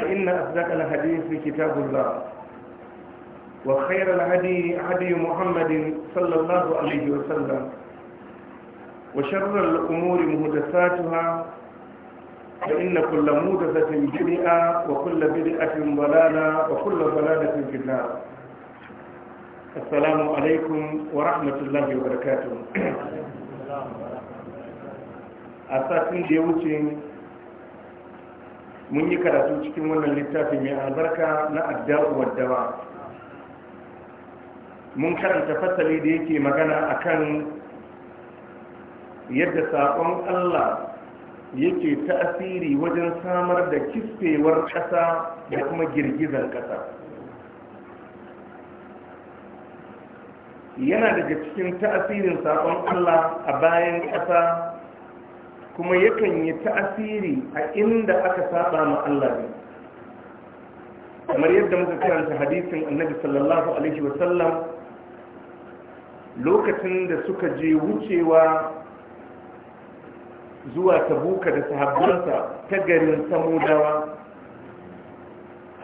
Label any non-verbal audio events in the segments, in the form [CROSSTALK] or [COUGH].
فإن أصدق الحديث كتاب الله وخير الهدي هدي محمد صلى الله عليه وسلم وشر الأمور مهدساتها فإن كل مهدسة بدئة وكل بدئة ضلالة وكل ضلالة في النار السلام عليكم ورحمة الله وبركاته أساسين ديوتين mun yi karatu cikin wannan littafi mai albarka na adda'u waddawa mun karanta fasali da yake magana akan yadda saƙon allah yake ta'asiri wajen samar da kispewar ƙasa da kuma girgizar ƙasa yana daga cikin ta'asirin saƙon allah a bayan ƙasa kuma yakan yi ta'asiri a inda aka saba ma Allah ne kamar yadda muka karanta hadisin annabi sallallahu alaihi wasallam lokacin da suka je wucewa zuwa tabuka da sahabbansa ta garin samudawa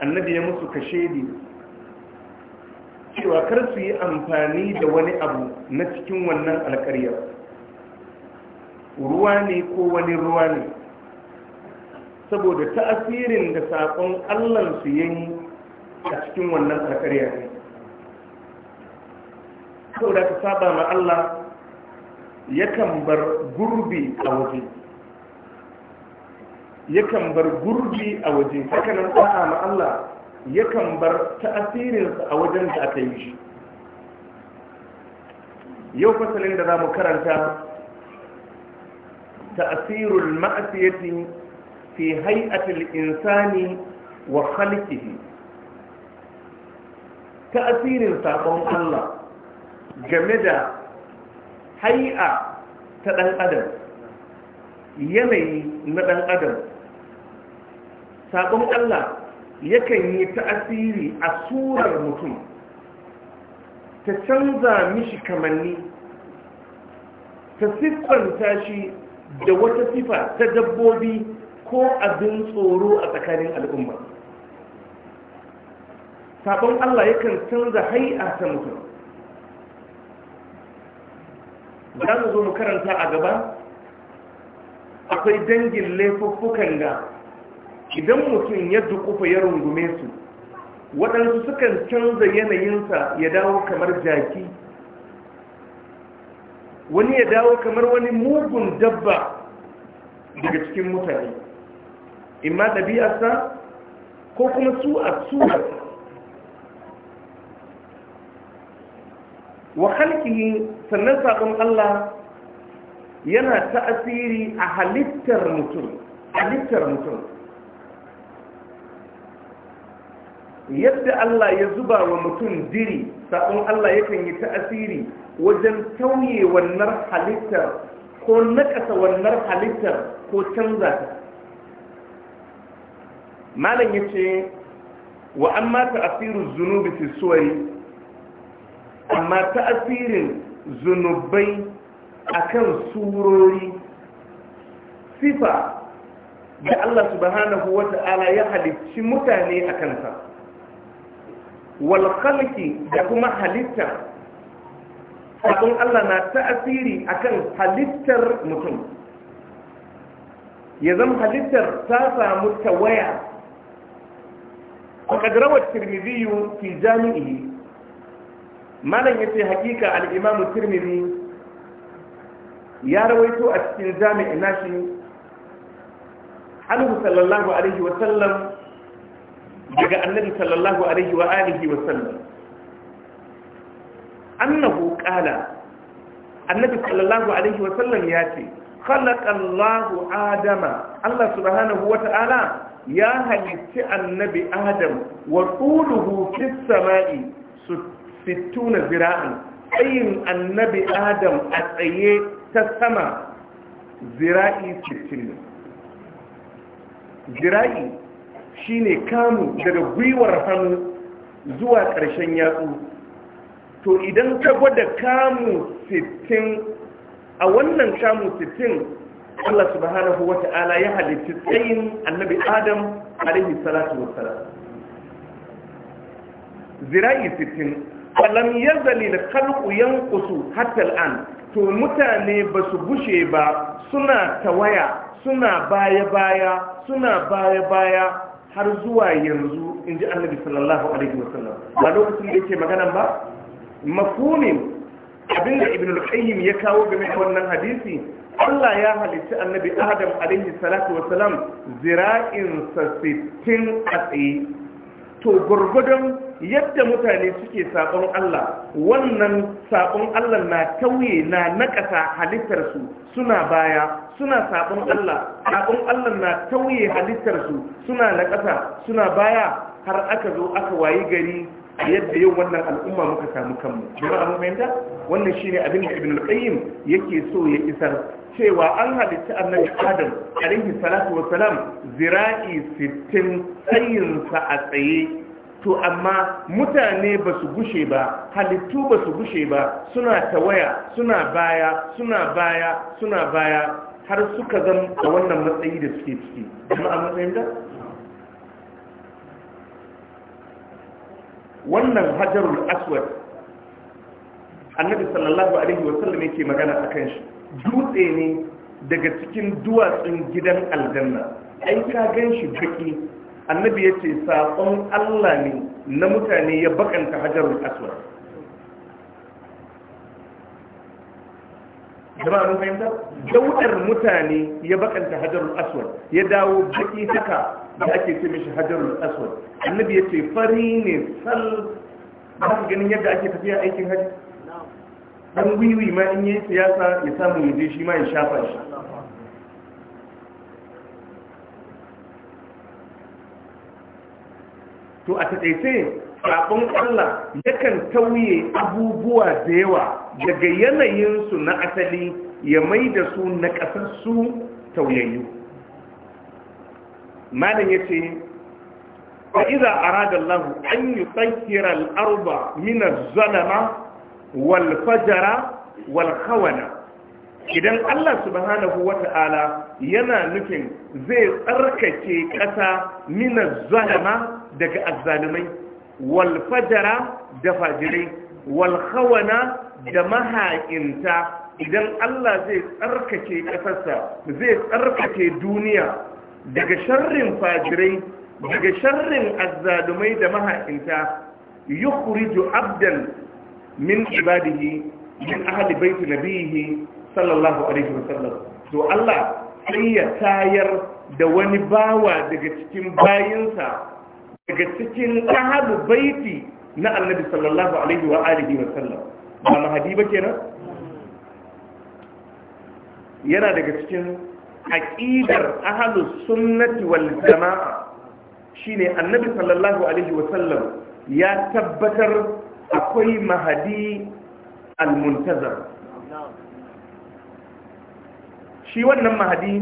annabi ya musu kashedi cewa kar su yi amfani da wani abu na cikin wannan alkaryar ruwa ne ko wani ruwa ne saboda ta'asirin da saƙon allansu yayi a cikin wannan karkariya ne saboda ka saba ma allah yakan bar gurbi a waje yakan bar gurbi a waje hakanan sa'a ma allah yakan bar ta'asirinsa a wajen da aka yi shi yau fasalin da za mu karanta تأثير المأسية في هيئة الإنسان وخلقه تأثير ساقون الله جمد هيئة تدن أدم يلي ندن أدم ساقون الله yakan yi ta'asiri a surar mutum ta canza mishi kamanni ta siffanta shi da wata sifa ta dabbobi ko abin tsoro a tsakanin al'umma sabon Allah yakan canza a ta mutum za mu zo mu karanta a gaba akwai dangin laifuffukan da idan mutum ya dukufa ya rungume su waɗansu sukan canza yanayinsa ya dawo kamar jaki wani ya dawo kamar wani mugun dabba daga cikin mutane imma ɗabi'arsa ko kuma su a surarsa wa halki sannan saƙon Allah yana ta'asiri a halittar mutum halittar mutum yadda Allah ya zuba wa mutum diri sabon Allah yakan yi ta'asiri wajen tauye wannan halittar ko nakasa wannan halittar ko canza ta malam ya ce wa ma ta'asirin zunubi su suwari amma ta'asirin zunubai akan surori sifa da Allah subhanahu wa ta'ala ya halicci mutane a kansa wal khalqi da kuma halitta sabon Allah na ta'asiri akan halittar mutum ya zama halittar ta samu tawaya a kadarawar tirmidhiyu fi jami'i malam yace hakika al-imamu tirmidhi ya rawaito a cikin jami'i nashi annabi sallallahu alaihi wa sallam daga annabi sallallahu alaihi wa alihi wa sallam annahu qala annabi sallallahu alaihi wa sallam ya ce khalaqallahu adama Allah subhanahu wa ta'ala ya halitti annabi adam wa tuluhu fis sama'i 60 zira'an tsayin annabi adam a tsaye ta sama zira'i 60 zira'i shine kamu daga gwiwar hannu zuwa ƙarshen yatsu to idan ka gwada kamu sittin, a wannan kamu sittin, Allah subhanahu Ta'ala ya halitta tsayin annabi Adam alaihi salatu wassalam zira'i sittin, falam yazali da da yanqusu hatta al-an to mutane ba su bushe ba suna tawaya suna baya-baya suna baya-baya har zuwa yanzu in ji annabi sallallahu alaihi wa sallam ba lokacin da yake magana ba abin abinda ibn al-qayyim ya kawo game da wannan hadisi Allah ya halitta annabi Adam alaihi salatu wasalam zira'in sa sittin a to gurgudun yadda mutane suke saƙon Allah wannan saƙon Allah na tauye na nakasa halittarsu suna baya suna sabon Allah sabon Allah na tauye halittarsu suna nakasa suna baya har aka zo aka wayi gari yadda yau wannan al'umma muka samu kanmu jama'a mun fahimta wannan shine abin da ibn al-qayyim yake so ya isar cewa an halitta annabi adam alaihi salatu wassalam zira'i 60 tsayinsa a tsaye to amma mutane ba su gushe ba halittu ba su gushe ba suna tawaya suna baya suna baya suna baya har suka zan a wannan matsayi da suke ciki amma a matsayin da wannan hajarul aswad annabi sallallahu alaihi wasallam yake magana akan shi dutse ne daga cikin duwatsun gidan aljanna ai ka gan shi baki annabi ya ce saƙon allah ne na mutane ya bakanta hajarun aswad jama'a mun fahimta daudar mutane ya bakanta hajarun aswad ya dawo baki haka da ake ce mishi hajarun aswad annabi ya ce fari ne sal ba ka ganin yadda ake tafiya aikin hajji Ɗan wiwi ma in yi siyasa ya samu yaje shi ma ya shafa shi to a taɗaice sabon Allah yakan tauye abubuwa da yawa daga yanayinsu na asali ya mai da su na ƙasarsu tauyayyu malam ya ce fa iza ragar Lahu, an yi tsakira al'arba minar zalama wal fajara idan Allah subhanahu wata'ala yana nufin zai tsarkake ƙasa minar zalama daga azzalumai walfajara da fajirai walhawana da maha'inta. idan Allah zai tsarkake ƙasarsa zai tsarkake duniya daga sharrin fajirai daga sharrin azzalumai da mahaƙinta yukhriju abdan min ibadihi min ahli baiti nabihi sallallahu alaihi wasallam to Allah sai ya tayar da wani bawa daga cikin bayinsa daga cikin ahalu baiti na annabi sallallahu alaihi wa alihi wa sallam ba mahadi ba kenan yana daga cikin aqidar ahalu sunnati wal jama'a shine annabi sallallahu alaihi wa sallam ya tabbatar akwai mahadi al-muntazar shi wannan mahadi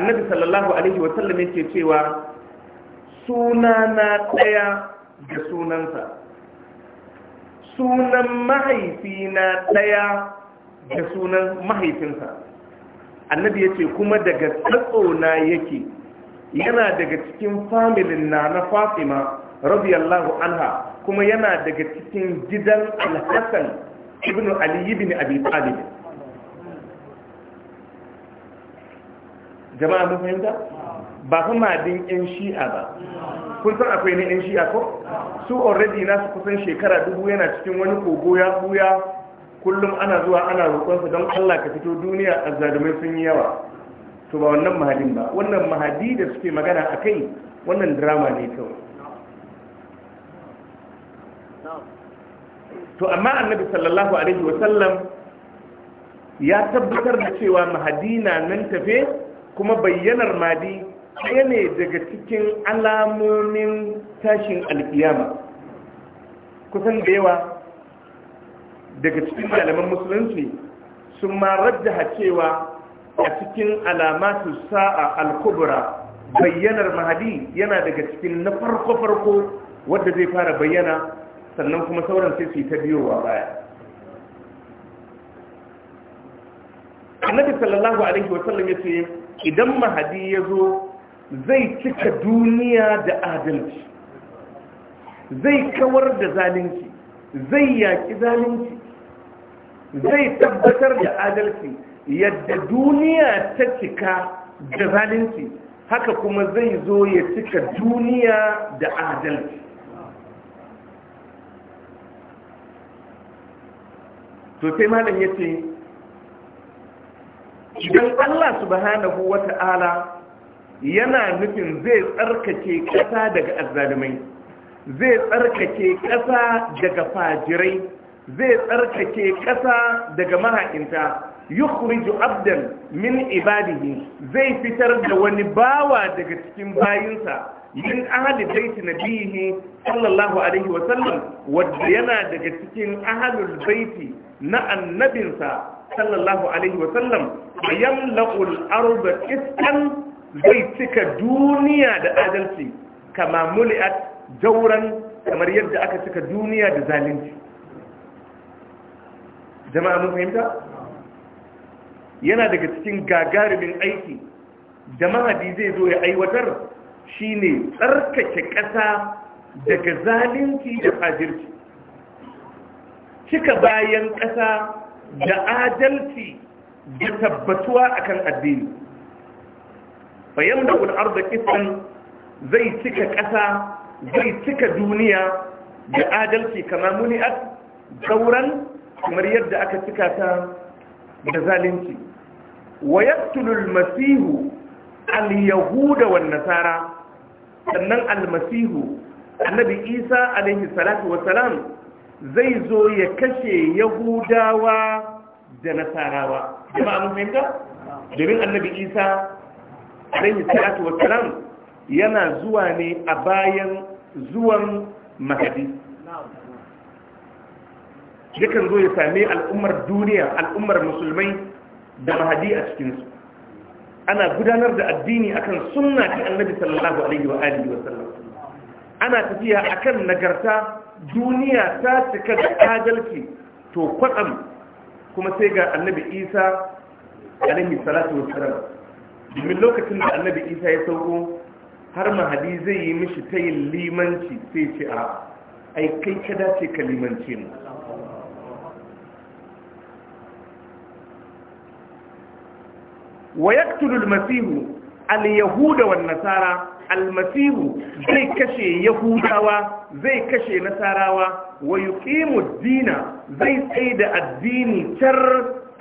annabi sallallahu alaihi wa sallam yake cewa suna na ɗaya ga sunansa sunan mahaifi na ɗaya ga sunan mahaifinsa annabi ya ce kuma daga na yake yana daga cikin familin na na fatima radiyallahu anha kuma yana daga cikin gidan alhassan ibn ali bin abi talib jama'a mun fahimta ba fa din yan shi'a ba kun san akwai ne yan shi'a ko su already na su kusan shekara dubu yana cikin wani kogo ya buya kullum ana zuwa ana roƙonsa don Allah ka fito duniya azzalumai sun yi yawa to ba wannan mahadin ba wannan mahadi da suke magana akai wannan drama ne kawai to amma annabi sallallahu alaihi wasallam ya tabbatar da cewa mahadi na nan tafe kuma bayyanar madi ɗaya ne daga cikin alamomin tashin alkiyama kusan da yawa daga cikin malaman musulunci sun ma rajjaha cewa a cikin alamatu sa'a alkubura bayyanar mahadi yana daga cikin na farko-farko wadda zai fara bayyana sannan kuma sauran sai su yi ta biyowa baya annabi sallallahu alaihi wasallam ya ce idan mahadi ya zo zai cika duniya da adalci zai kawar da zalunci zai yaƙi zalunci zai tabbatar da adalci yadda duniya ta cika da zalunci haka kuma zai zo ya cika duniya da adalci to sai malam ya ce idan Allah subhanahu wata'ala yana nufin zai tsarkake ƙasa daga azzalumai zai tsarkake ƙasa daga fajirai zai tsarkake ƙasa daga maha'inta yukhriju abdan min ibadihi zai fitar da wani bawa daga cikin bayinsa yin ahli baiti nabihi sallallahu alaihi wa sallam wanda yana daga cikin ahlul baiti na annabinsa sallallahu alaihi wasallam yamla'ul arda iskan zai cika duniya da adalci kama muli'at jauran kamar yadda aka cika duniya da zalunci jama'a mun fahimta yana daga cikin gagarumin aiki da mahadi zai zo ya aiwatar shine tsarkake ƙasa daga zalunci da fajirci cika bayan ƙasa da adalci da tabbatuwa akan addini bayan da ul'ar da kisan zai cika ƙasa zai cika duniya da adalci kama muni'at sauran kamar yadda aka cika ta da zalunci wa masihu al-yahuda wa nasara sannan al-masihu annabi isa alaihi salatu salam. zai zo ya kashe yahudawa da nasarawa jama'a mun fahimta domin annabi isa alaihi salatu wassalam yana zuwa ne a bayan zuwan mahadi yakan zo ya same al'ummar duniya al'ummar musulmai da mahadi a cikinsu ana gudanar da addini akan sunna ta annabi sallallahu alaihi wa alihi wa sallam ana tafiya akan nagarta duniya ta cika da adalci to kwatsam kuma sai ga annabi isa alaihi salatu wassalam domin lokacin da annabi isa ya sauko har mahadi zai yi mishi ta yin limanci sai ce a ai kai ka dace ka limanci mu wa yaktulul masihu al-yahuda wan-nasara almasihu zai kashe yahudawa zai kashe nasarawa wa yuqimu dina zai tsai da addini tar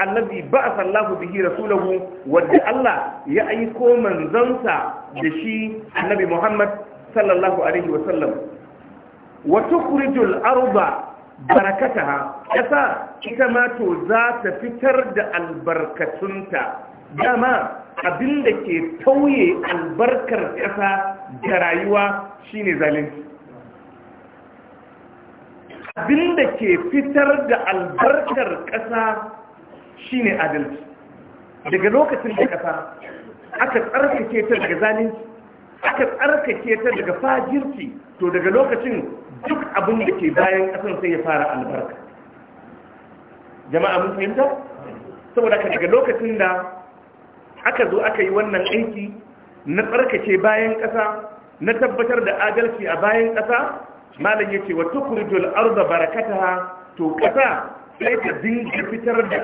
allazi ba'atha Allahu bihi rasulahu wanda Allah ya aiko manzansa da shi annabi Muhammad sallallahu alaihi wa sallam wa tukhrijul arda barakataha kasa ita ma to za ta fitar da albarkatunta dama abin da ke tauye albarkar ƙasa da rayuwa shine zalunci abin da ke fitar da albarkar ƙasa shine adalci daga lokacin da ƙasa aka tsarkake ta daga zalunci aka tsarkake ta daga fajirci to daga lokacin duk abin da ke bayan ƙasar sai ya fara albarka jama'a mun fahimta saboda ka daga lokacin da aka zo aka yi wannan aiki na tsarkake bayan ƙasa na tabbatar da adalci a bayan ƙasa malam ya ce wa tukurjul arza barakata to ƙasa sai ta dinga fitar da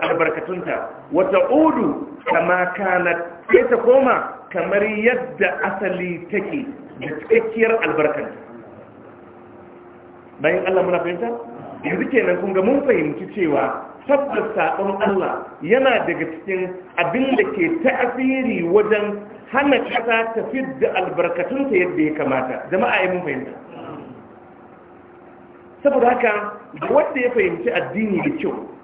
albarkatunta wata udu kama kana sai ta koma kamar yadda asali take da tsakiyar albarkanta bayan Allah muna fahimta yanzu kenan kun ga mun fahimci cewa tabbas saɓon Allah yana daga cikin abin da ke ta'asiri wajen hana ƙasa ta da albarkatunta yadda ya kamata jama'a yi mun fahimta saboda haka wanda ya fahimci addini da kyau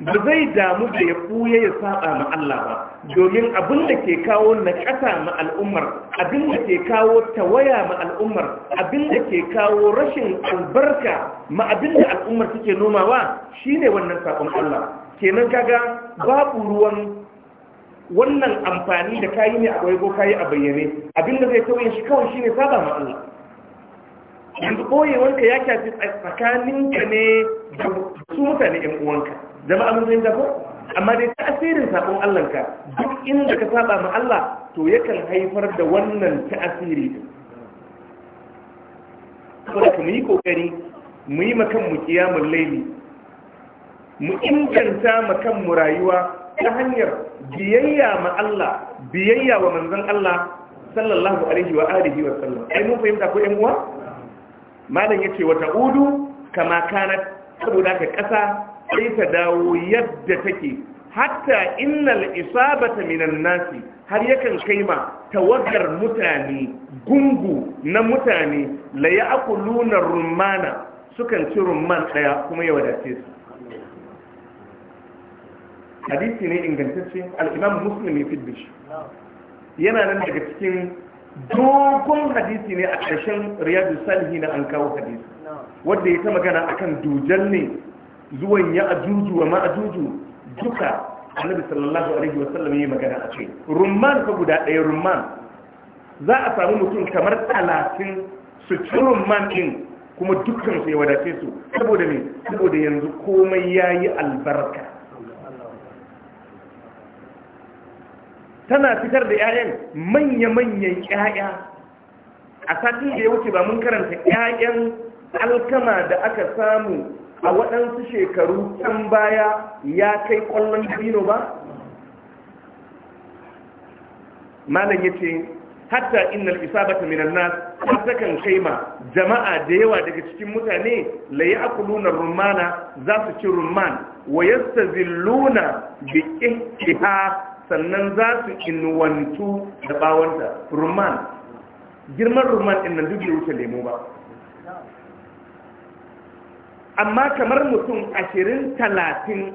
ba zai damu da ya ɓuya ya saba ma Allah ba domin abin da ke kawo na ƙasa ma al'ummar abin da ke kawo tawaya ma al'ummar abin da ke kawo rashin albarka ma abin da al'ummar suke nomawa shine wannan sabon Allah kenan kaga babu ruwan wannan amfani da kayi ne a goyi ko kayi a bayyane abin da zai tauye shi kawai shine saba ma Allah yanzu ya kyafi tsakaninka ne da su mutane 'yan uwanka jama'a mun zai ko amma dai ta'asirin sabon Allah ka duk inda ka saba ma Allah to yakan haifar da wannan ta'asiri din saboda mu yi kokari mu yi makan mu kiyamul laili mu inganta makan mu rayuwa ta hanyar biyayya ma Allah biyayya wa manzon Allah sallallahu alaihi wa alihi wa sallam ai mun fahimta ko ɗan uwa malam yace wa ta'udu kama kanat saboda ka kasa sai ta dawo yadda take hatta innal isabata minan nasi har yakan kaima tawagar mutane gungu na mutane la ya'kuluna rumana sukan ci rumman daya kuma ya wadace su hadisi ne ingantacce al-imam muslim fi yana nan daga cikin dogon hadisi ne a ƙarshen riyadu salihi na an kawo hadisi wanda ya ta magana akan dujal ne zuwan ya ajuju wa ma'ajuju duka annabi sallallahu alaihi wasallam ya magana a ce rumman ka guda ɗaya rumman za a samu mutum kamar talatin su ci rumman ɗin kuma dukkan su ya wadace su saboda me saboda yanzu komai ya yi albarka tana fitar da 'ya'yan manya-manyan 'ya'ya a satin da ya wuce ba mun karanta 'ya'yan alkama da aka samu a waɗansu shekaru can baya ya kai ƙwallon dabino ba? malam ya ce hatta innal isabata minan nas takan kai ma jama'a da yawa daga cikin mutane la ya'kuluna rumana za su ci rumman wa yastazilluna bi ihtiha sannan za su inuwantu da bawanta rumman girman rumman din nan duk ya wuce lemo ba amma kamar mutum ashirin talatin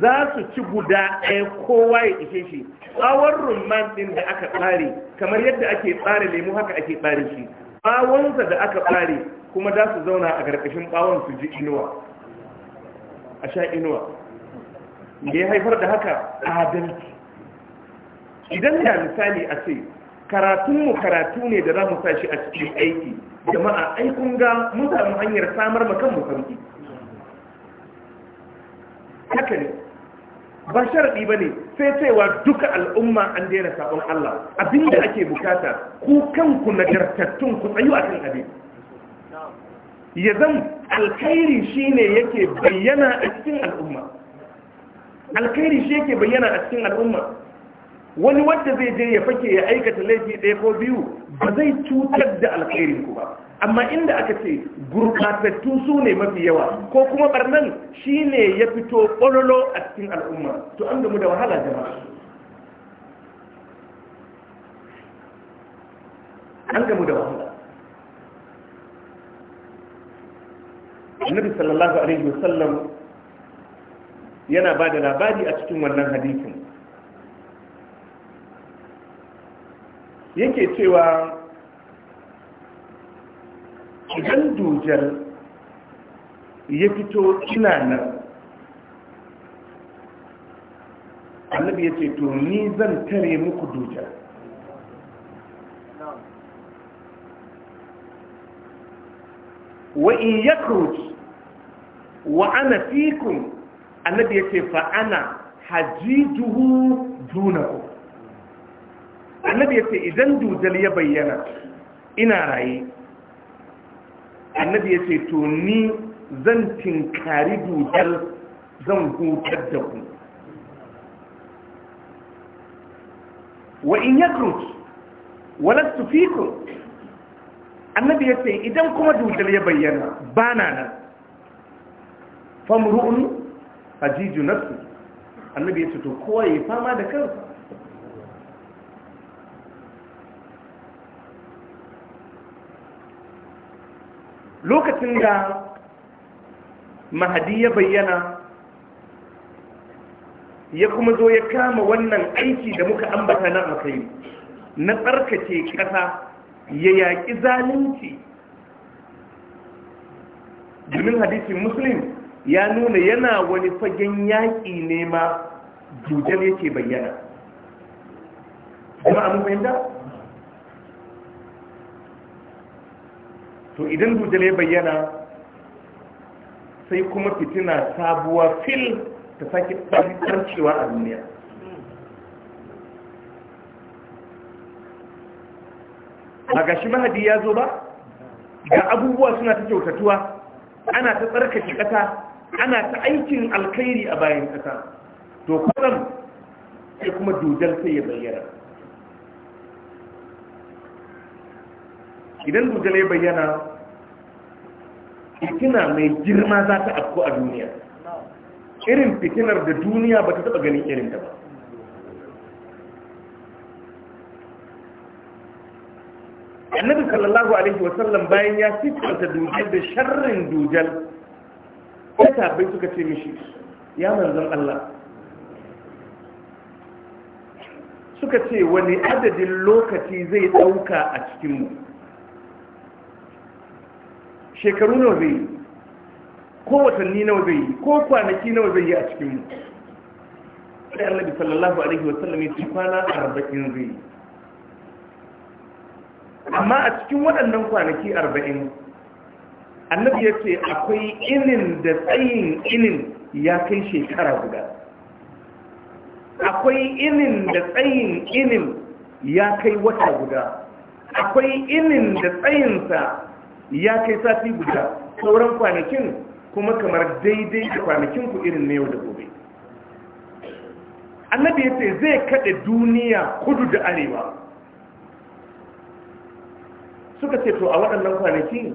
za su ci guda ɗaya kowa ya ishe shi tsawon rumman ɗin da aka tsare kamar yadda ake tsare lemu haka ake tsare shi ɓawonsa da aka tsare kuma za su zauna a ƙarƙashin ɓawon su ji inuwa a sha inuwa da ya haifar da haka adalci idan da misali a ce karatunmu karatu ne da za mu sa shi a cikin aiki jama'a ai kun ga mun samu hanyar samar ma kanmu sauki haka ne ba sharaɗi ba ne sai cewa duka al'umma an daina sabon Allah abinda ake bukata ku kanku jartattun ku tsayu a kan abin ya zan alkhairi yake bayyana a cikin al'umma alkhairi shi yake bayyana a cikin al'umma wani wanda zai je ya fake ya aikata laifi ɗaya ko biyu ba zai cutar da alkhairin ku ba amma inda aka ce gurbatattu su ne mafi yawa ko kuma barnan shi ne ya fito ƙololo a cikin al'umma to an gamu da wahala jama'a an gamu da wahala annabi sallallahu alaihi wasallam yana ba da labari a cikin wannan hadisin yake cewa idan dujar ya fito ina nan annabi ya ce to ni zan tare muku dujar wa in yakruj wa ana kun annabi ya ce fa ana duhu dunakum annabi ya ce idan dujal ya bayyana ina raye annabi ya ce to ni zan tinkari dujal zan hutar da ku wa in ya kruci walastu fiku annabi ya ce idan kuma dujal ya bayyana ba na nan famru'un hajiju nafsi annabi ya ce to kowa ya fama da kansa lokacin da mahadi ya bayyana ya kuma zo ya kama wannan aiki da muka ambata na akai na tsarkace ƙasa ya yaƙi zalunci domin hadisin muslim ya nuna yana wani fagen yaƙi nema ma jujjal yake bayyana kuma to idan dujal ya bayyana sai kuma fitina sabuwa fil ta sake ɓarcewa a duniya a gashi mahadi ya zo ba ga abubuwa suna ta kyautatuwa ana ta tsarkake ƙasa ana ta aikin alkhairi a bayan ƙasa to kwanan sai kuma dujal sai ya bayyana idan dujjal ya bayyana fitina mai girma za ta afko a duniya irin fitinar da duniya ba ta taɓa ganin irin ta ba annabi sallallahu alaihi wasallam bayan ya siffanta dujal da sharrin dujal ya tabai suka ce mishi ya manzan Allah suka ce wani adadin lokaci zai ɗauka a cikinmu shekaru nawa zai yi ko watanni nawa zai yi ko kwanaki nawa zai yi a cikinmu sai annabi sallallahu alaihi wasallam ya ci kwana arba'in zai yi amma a cikin waɗannan kwanaki arba'in annabi ya ce akwai inin da tsayin inin ya kai shekara guda akwai inin da tsayin inin ya kai wata guda akwai inin da tsayinsa ya kai sati guda sauran kwanakin kuma kamar daidai da kwanakin ku irin na yau da gobe annabi ya ce zai kada duniya kudu da arewa suka ce to a waɗannan kwanaki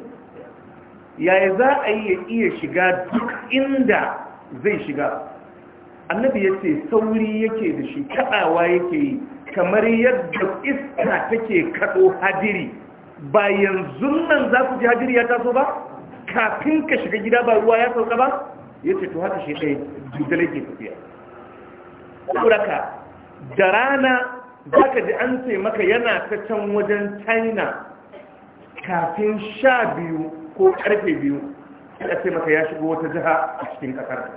yaya za a yi ya iya shiga duk inda zai shiga annabi ya ce sauri yake da shi kaɗawa yake yi kamar yadda iska take kaɗo hadiri ba yanzu nan za ku ji hajjiri ya taso ba kafin ka shiga gida ba ruwa ya sauka ba ya ce to haka shi ɗaya dudale ke tafiya ƙuraka da rana za ka ji an ce maka yana ta can wajen china kafin sha biyu ko karfe biyu ya ce maka ya shigo wata jiha a cikin ƙasar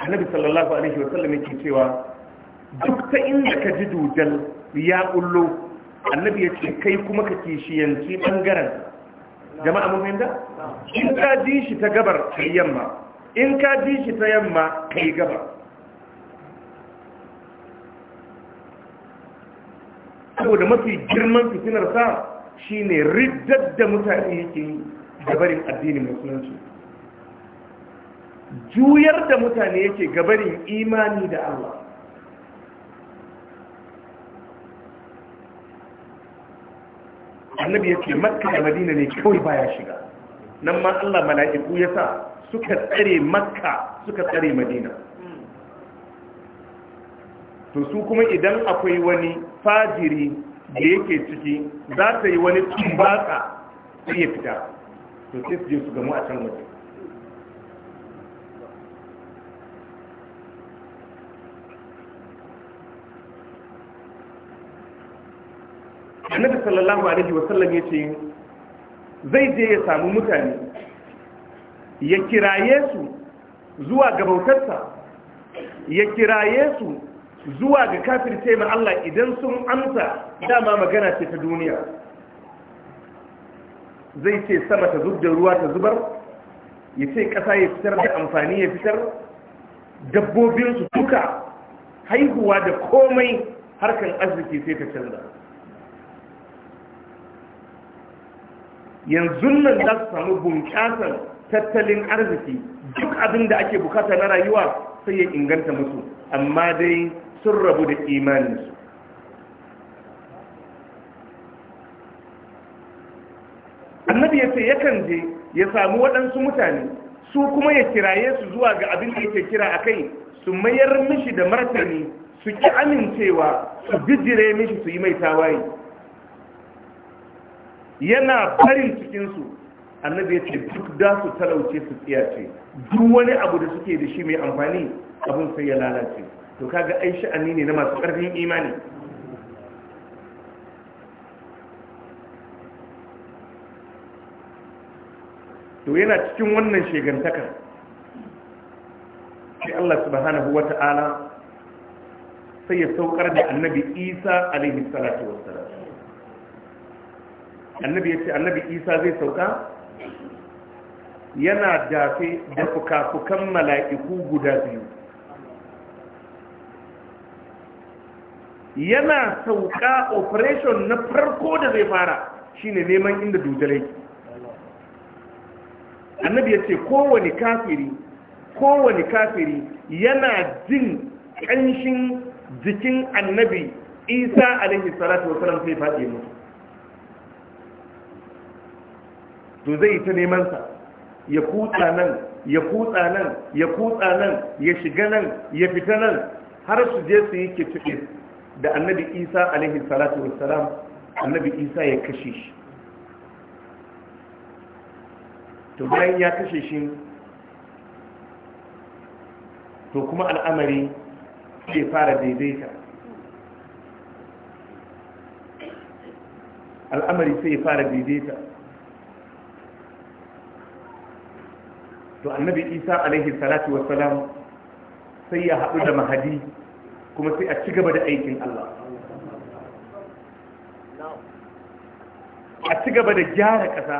annabi sallallahu alaihi wasallam yake cewa duk ta inda ka ji dudal ya kullo annabi ya ce kai kuma ka yanki ɓangaren jama'a mun da? in ka ji shi ta gabar kai yamma in ka ji shi ta yamma kai gabar saboda mafi girman fitinar sa ne riddar da mutane yake gabarin addini mai sunanci juyar da mutane yake gabarin imani da Allah annabi ya ce makka da madina ne kawai baya shiga nan ma allah mala'iku ya sa suka tsare makka suka tsare madina to su kuma idan akwai wani fajiri da yake ciki za ta yi wani tumbaka sai ya fita to sai su je su gamu a can waje annabi sallallahu alaihi wasallam ya ce zai je ya samu mutane ya kiraye su zuwa ga bautarsa ya kiraye su zuwa ga kafirce ma Allah idan sun amsa dama magana ce ta duniya zai ce sama ta zub da ruwa ta zubar ya ce ƙasa ya fitar da amfani ya fitar dabbobinsu duka haihuwa da komai harkan arziki sai ta canza yanzu nan za su samu bunƙasar tattalin arziki duk abin da ake bukata na rayuwa sai ya inganta musu amma dai sun rabu da imaninsu annabi ya ce yakan je ya samu waɗansu mutane su kuma ya kiraye su zuwa ga abin da yake kira a kai su mayar mishi da martani su ki amincewa su jijjire mishi su yi mai tawaye yana farin cikinsu annabi ya ce duk da su talauce su tsiyace duk wani abu da suke da shi mai amfani abin sai ya lalace to kaga ai sha'ani ne na masu ƙarfin imani to yana cikin wannan shegantakar sai Allah subhanahu wata'ala sai ya saukar da annabi Isa alaihi salatu wassalam annabi ya ce annabi isa zai sauka yana dafe da fukafukan mala'iku guda biyu yana sauka operation na farko da zai fara shine neman inda dujalai annabi ya ce kowane kafiri kowane kafiri yana jin ƙanshin jikin annabi isa alaihi salatu sai faɗi mutu to zai ta neman ya kutsa nan ya kutsa nan ya kutsa nan ya shiga nan ya fita nan har su je su yi kituɗe da annabi isa alaihi salatu wassalam annabi isa ya kashe shi to bayan ya kashe shi to kuma al'amari ke fara daidaita al'amari sai fara daidaita to annabi isa alaihi salatu salam sai ya haɗu da mahadi kuma sai a ci gaba da aikin allah a ci da gyara ƙasa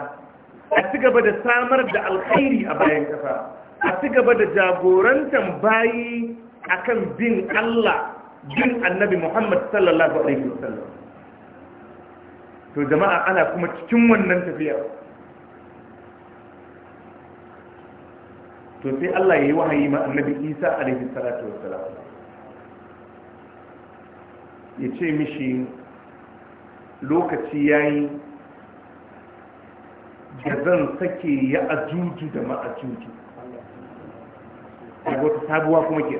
a cigaba da samar da alkhairi a bayan ƙasa a cigaba da jagorantar bayi akan bin allah bin annabi muhammad sallallahu alaihi wasallam to jama'a ana kuma cikin wannan tafiya to sai Allah ya yi wahayi ma annabi Isa alaihi salatu wassalam ya ce mishi lokaci yayi da zan sake ya ajuju da ma'ajuju daga wata sabuwa kuma ke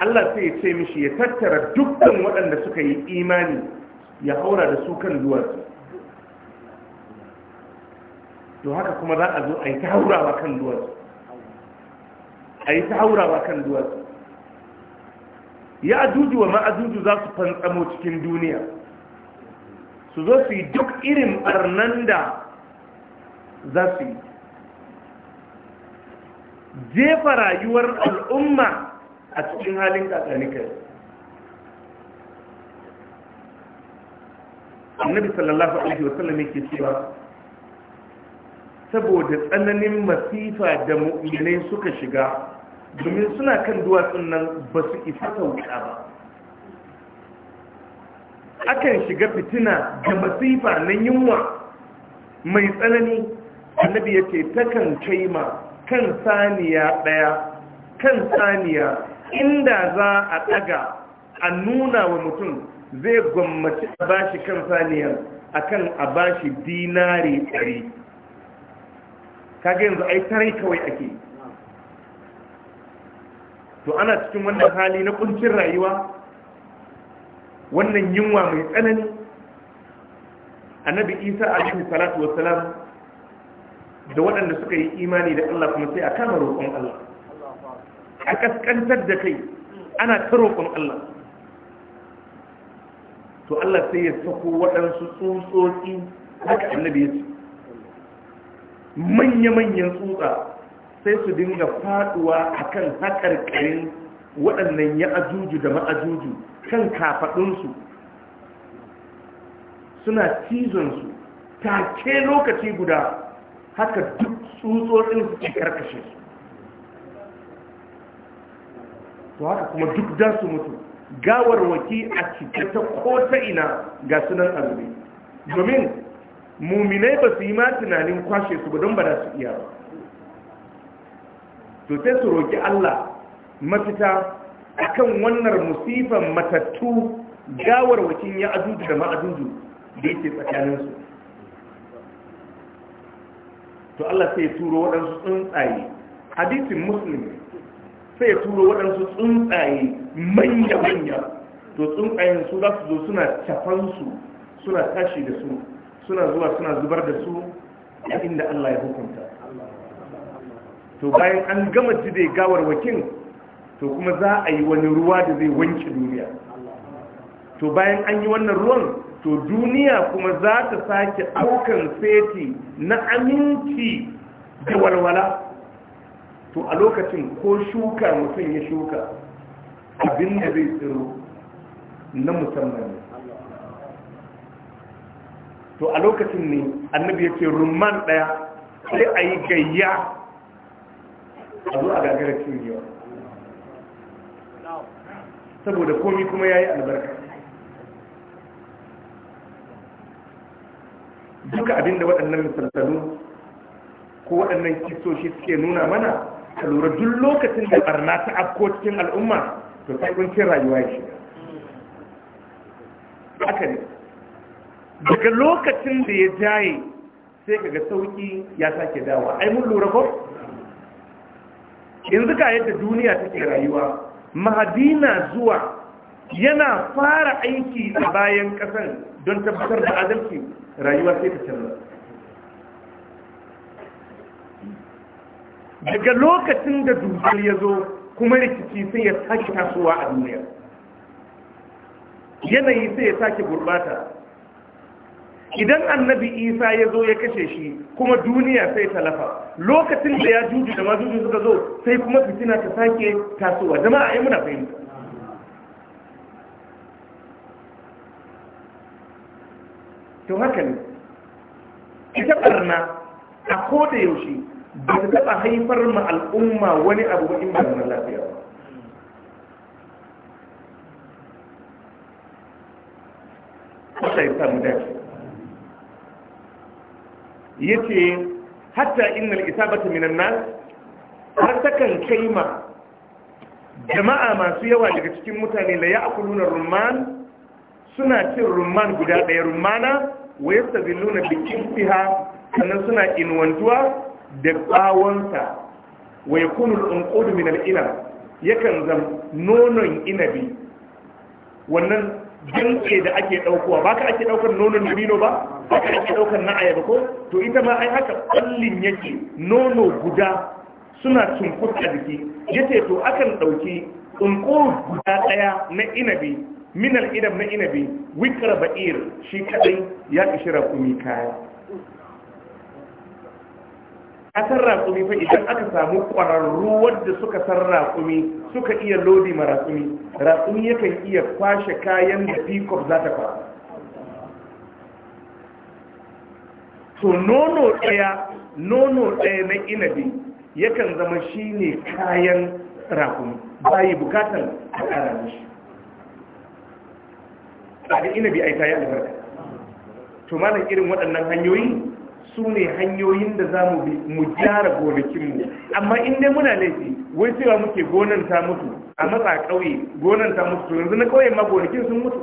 Allah sai ya ce mishi ya tattara dukkan waɗanda suka yi imani ya haura da su kan duwarsu to haka kuma za a zo a yi ta haurawa kan duwatsu a yi ta haurawa kan duwatsu ya ajuju wa ma'ajuju za su fantsamo cikin duniya su zo su yi duk irin barnan da za su yi jefa rayuwar al'umma a cikin halin kakanikai annabi sallallahu alaihi wasallam yake cewa saboda tsananin masifa da mu'minai suka shiga domin suna kan duwatsun nan ba su isa sauka ba akan shiga fitina da masifa na yunwa mai tsanani annabi ya ce takan kai ma kan saniya ɗaya kan saniya inda za a ɗaga a nuna wa mutum zai gwammaci a bashi kan saniyan akan a bashi dinari ɗari kage yanzu ai tarai kawai ake to ana cikin wannan hali na kuncin rayuwa wannan yunwa mai tsanani annabi isa alaihi salatu wassalam da waɗanda suka yi imani da Allah kuma sai a kama roƙon Allah a kaskantar da kai ana ta roƙon Allah to Allah sai ya sako waɗansu tsutsotsi haka annabi ya ce manya-manyan tsutsa sai su dinga faduwa akan haƙarƙarin waɗannan ya da ma'ajuju kan kafaɗunsu suna cizonsu take lokaci guda haka duk tsutsotsin ke karkashe su to haka kuma duk za su mutu gawar waki a cike ta ko ta ina ga sunan arziki domin muminai ba su yi ma tunanin kwashe su don ba da su iya ba to sai su roƙi Allah mafita akan wannan musifan matattu wakin ya ajuju da ma'ajuju da yake tsakaninsu to Allah sai turo waɗansu tsuntsaye hadisin muslim sai turo waɗansu tsuntsaye manya-manya to tsuntsayen su za su zo suna cafansu suna tashi da su suna zuwa suna zubar da su a inda Allah ya hukunta to bayan an gama jide gawar wakin to kuma za a yi wani ruwa da zai wanke duniya to bayan an yi wannan ruwan to duniya kuma za ta sake aukan feti na aminci da walwala to a lokacin ko shuka mutum ya shuka abin da zai tsiro na musamman ne to a lokacin ne annabi ya ce rumman ɗaya sai a yi gayya a zo a gagara cinyewa saboda komi kuma ya yi albarka duka abinda waɗannan misaltalu ko waɗannan kisoshi suke nuna mana ka lura duk lokacin da barna ta afko cikin al'umma to sai cin rayuwa ya shiga daga lokacin da ya jaye sai kaga sauki ya sake dawa ai mun lura ko yanzu ga yadda duniya take rayuwa mahadina zuwa yana fara aiki a bayan kasan don tabbatar da adalci rayuwa sai ta canza daga lokacin da dubal ya zo kuma rikici sai ya sake tasowa a duniya yanayi sai ya sake gurbata idan annabi isa ya zo ya kashe shi kuma duniya sai talafa lokacin da ya juju da majuju suka zo sai kuma fitina ta sake tasowa jama'a ai muna fahimta to haka ne ita barna a da yaushe ba ta taba haifar ma al'umma wani abu ba in ba na lafiya ba ta yi samu dace Ya ce, hatta innal isabata minan nas har takan kaima jama'a masu yawa daga cikin mutane la ya'kuluna rumman suna cin rumman guda daya rummana wa yastazilluna bi kinfiha sannan suna inwantuwa da bawonsa wa yakunu al-unqud min al-inab yakan zam nonon inabi wannan dantse da ake ɗaukowa ba ka ake ɗaukar nonon dabino ba ba ka ake ɗaukar na ayaba ko to ita ma ai haka ƙwallin yake nono guda suna cunkus a jiki ya ce to akan ɗauki tsunko guda ɗaya na inabi minal idam na inabi wikar ba'ir shi kaɗai ya ishi rakumi kaya A raƙumi fa idan aka samu ƙwararru wadda suka san raƙumi suka iya lodi ma raƙumi raƙumi yakan iya kwashe kayan da peacock za ta kwa. to nono ɗaya nono ɗaya na inabi yakan zama shi ne kayan raƙumi bayi bukatar a ƙara shi ba da inabi a yi kayan albarka to malam irin waɗannan hanyoyi su ne hanyoyin da za mu gyara gonakinmu amma inda muna laifi wai cewa muke gonan ta mutu a matsa ƙauye gonan ta mutu yanzu na ƙauye ma gonakin sun mutu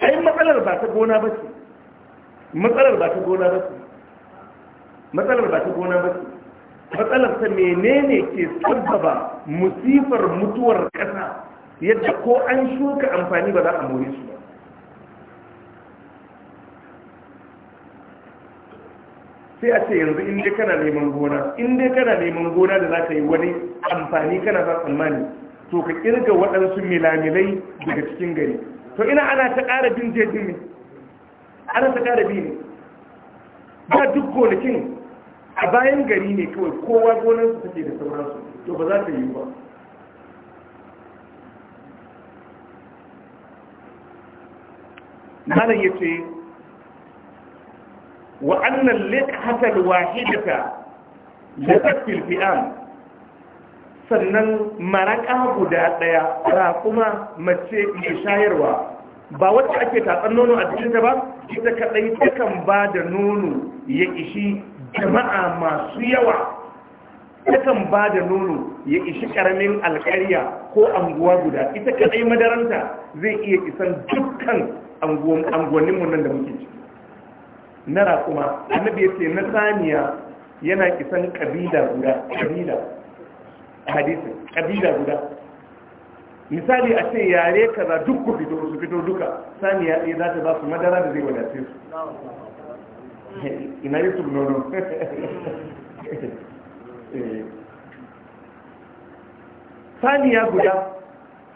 ai matsalar ba ta gona ba ce matsalar ba ta gona ba ce matsalar ba ta gona ba ce matsalar ta menene ke sabbaba musifar mutuwar ƙasa yadda ko an shuka amfani ba za a more su ba sai a ce yanzu in kana neman gona in kana neman gona da za ka yi wani amfani kana ba tsammani to ka kirga waɗansu milamilai daga cikin gari to ina ana ta ƙara bin jejin ne ana ta ƙara bi ne ba duk gonakin a bayan gari ne kawai kowa gonarsu take da sauransu to ba za ta yi ba malam ya ce wa annal liqhatal wahidata la fi'an sannan maraka guda daya raƙuma mace mai shayarwa ba wacce ake tatsan nono a cikin ta ba ita kadai takan ba da nono ya ishi jama'a masu yawa takan ba da nono ya ishi karamin alkariya ko anguwa guda ita kadai madaranta zai iya isan dukkan anguwanninmu nan da muke ci na raƙuma annabi ya ce na saniya yana kisan ƙabila guda ƙabila a hadisin ƙabila guda misali a ce yare kaza duk ku fito su fito duka saniya ɗaya za ta ba su madara da zai wadace su ina yi su nono [LAUGHS] saniya guda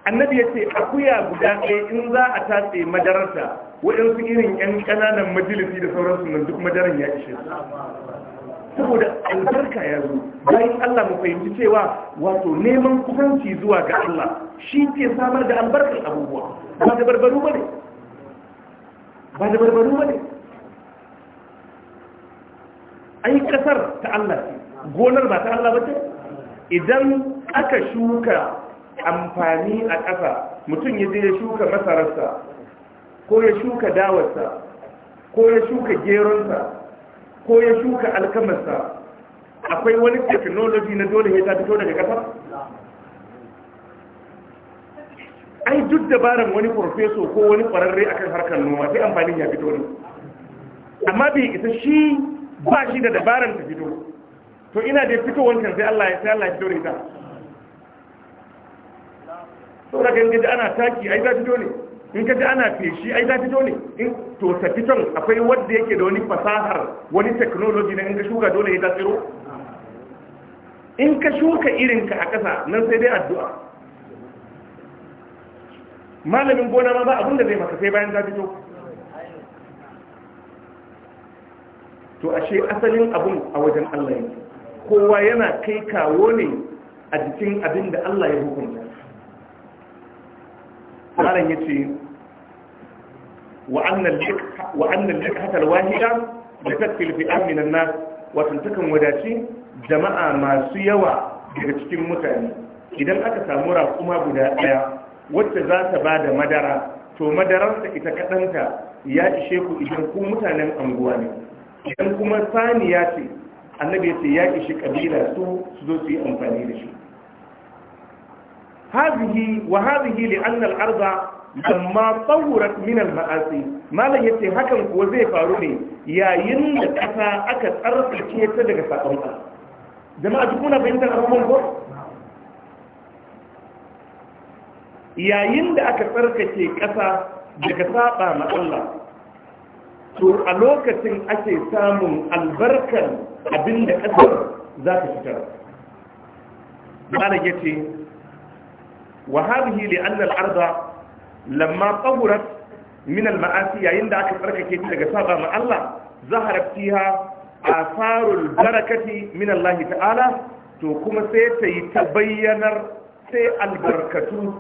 annabi ya ce akuya guda ɗaya in za a tatse madararta waɗansu irin yan ƙananan majalisi da sauransu nan duk madaran ya ishe su. saboda albarka ya zo bayan Allah mu fahimci cewa wato neman kusanci zuwa ga Allah shi ke samar da albarkar abubuwa ba da barbaru ne ba da barbaru bane ai kasar ta Allah ce gonar ba ta Allah ba ce idan aka shuka amfani a ƙasa mutum ya je ya shuka masararsa ko ya shuka dawarsa ko ya shuka geronsa ko ya shuka alkamarsa akwai wani technology na dole ya tafi daga kafa? ai duk dabaran wani profeso ko wani ƙwararre akan harkar noma sai amfani ya fito ne amma bai isa shi ba shi da dabaran ta fito to ina da fito wancan sai Allah ya Allah ya fito ne ta saboda kan gaji ana taki ai za fito ne in ka ji ana feshi ai ta dole in to ta akwai wanda yake da wani fasahar wani technology na in ka shuka dole ya ta tsiro in ka shuka irinka a ƙasa nan sai dai addu'a malamin gona ma ba abinda zai maka sai bayan ta fito to ashe asalin abun a wajen Allah ne kowa yana kai kawo ne a jikin abin da Allah ya hukunta malam yace wa anna wa hatar wahida da ta filfi aminan na watantakan wadace wadaci jama'a masu yawa daga cikin mutane idan aka samu rakuma guda ɗaya wacce za ta ba da madara to madararta ita kaɗanta ya ishe ku idan ku mutanen anguwa ne idan kuma saniya ce annabi ya ce ya ishi ƙabila su su zo su yi amfani da shi هذه وهذه لأن الأرض لما طورت من المآسي ما لا يتي هكا وزي فاروني يا يند كفا أكا تأرف لكي يتدق ساقمتا جماعة تكون بإنت الأمم الغر يا يند أكا تركتي كفا daga saba ma Allah to a lokacin ake samun albarkar abinda kasar za ta fitar. Malam ya ce, wa hadhihi li anna al-arda lamma tahurat min maasi yayin da aka tsarkake ta daga saba ma Allah zaharat fiha asarul barakati min Allah ta'ala to kuma sai ta yi ta bayyanar sai albarkatu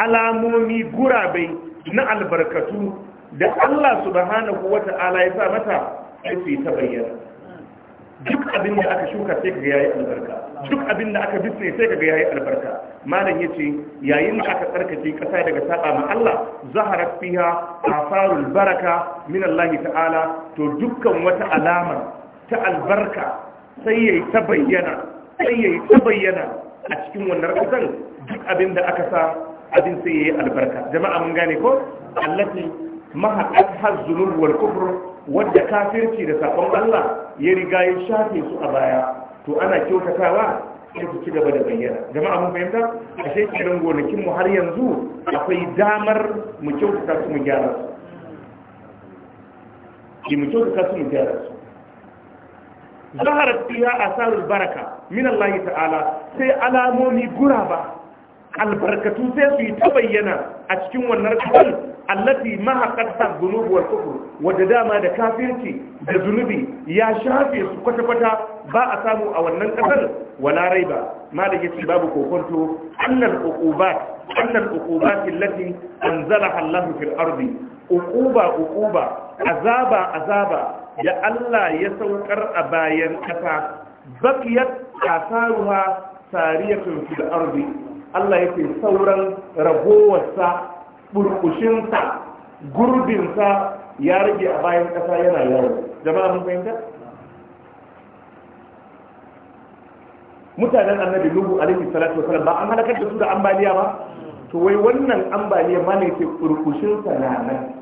alamomi gurabe na albarkatu da Allah Subhana wa ta'ala ya sa mata sai su yi ta bayyana duk abinda aka shuka sai kaga yayi albarka duk abin aka bisne sai kaga yayi albarka malam ya ce yayin da aka tsarkake ƙasa daga saba ma Allah fiya a afarul baraka min Allah ta'ala to dukkan wata alama ta albarka sai yayi ta bayyana sai yayi ta bayyana a cikin wannan kasan duk abin da aka sa abin sai yayi albarka jama'a mun gane ko allati mahaqat hazzulul wal kufr wadda kafirci da sakon Allah ya riga ya shafe su a baya to ana kyautatawa sai ku ci gaba da bayyana jama'a mun fahimta a shi kiran gonakin mu har yanzu akwai damar mu kyautata su mu gyara su ki mu kyautata su mu gyara su zaharar fiya asarul baraka min Allah ta'ala sai alamomi gura ba albarkatu sai su yi ta bayyana a cikin wannan kasar allati mahaqatta dhunub wal kufr wadda dama da kafirci da zunubi ya shafe su kwata-kwata ba a samu a wannan kasar wala raiba malik yace babu kokonto annal uqubat annal uqubat allati anzalaha Allah fil ardi uquba uquba azaba azaba Ya Allah ya saukar a bayan kasa bakiyat asaruha sariyatun fil ardi Allah yake sauran ragowarsa burkushinsa gurbinsa ya rage a bayan ƙasa yana yawo jama'a mun fahimta mutanen annabi nuhu alaihi salatu wa salam, ba an halakar da su da ambaliya ba to wai wannan ambaliya ma ne ke kurkushin sanana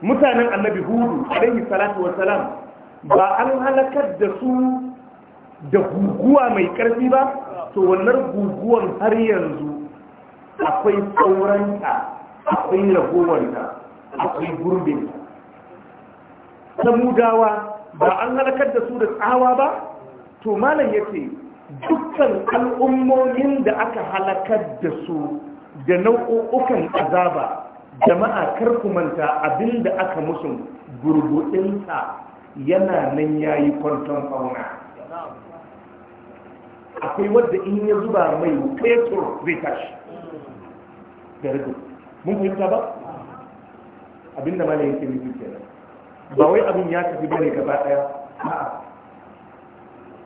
mutanen annabi hudu alaihi salatu wa salam, ba an halakar da su da guguwa mai karfi ba to wannan guguwan har yanzu akwai tsauranta akwai ragowarta akwai gurbinta samudawa ba an halakar da su da tsawa ba to malam ya ce dukkan al'ummomin da aka halakar da su da nau'ukan azaba jama'a kar ku manta abinda aka musu gurgudinsa yana nan yayi kwanton fauna akwai wadda in ya zuba mai fetur zai da rigo mun fahimta ba abinda malam ya ce mutu kenan ba wai abin ya tafi bane gaba daya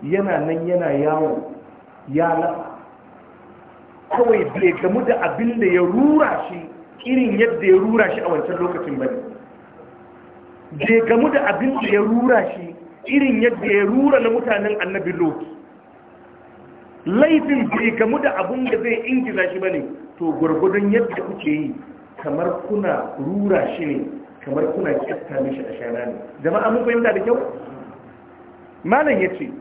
yana nan yana yawo ya lafa kawai bai gamu da abin da ya rura shi irin yadda ya rura shi a wancan lokacin bane bai gamu da abin da ya rura shi irin yadda ya rura na mutanen annabi loki laifin bai gamu da abin da zai ingiza shi bane to gwargwadon yadda kuke yi kamar kuna rura shi ne kamar kuna kyasta mishi a shana ne jama'a mun fahimta da kyau malam ya ce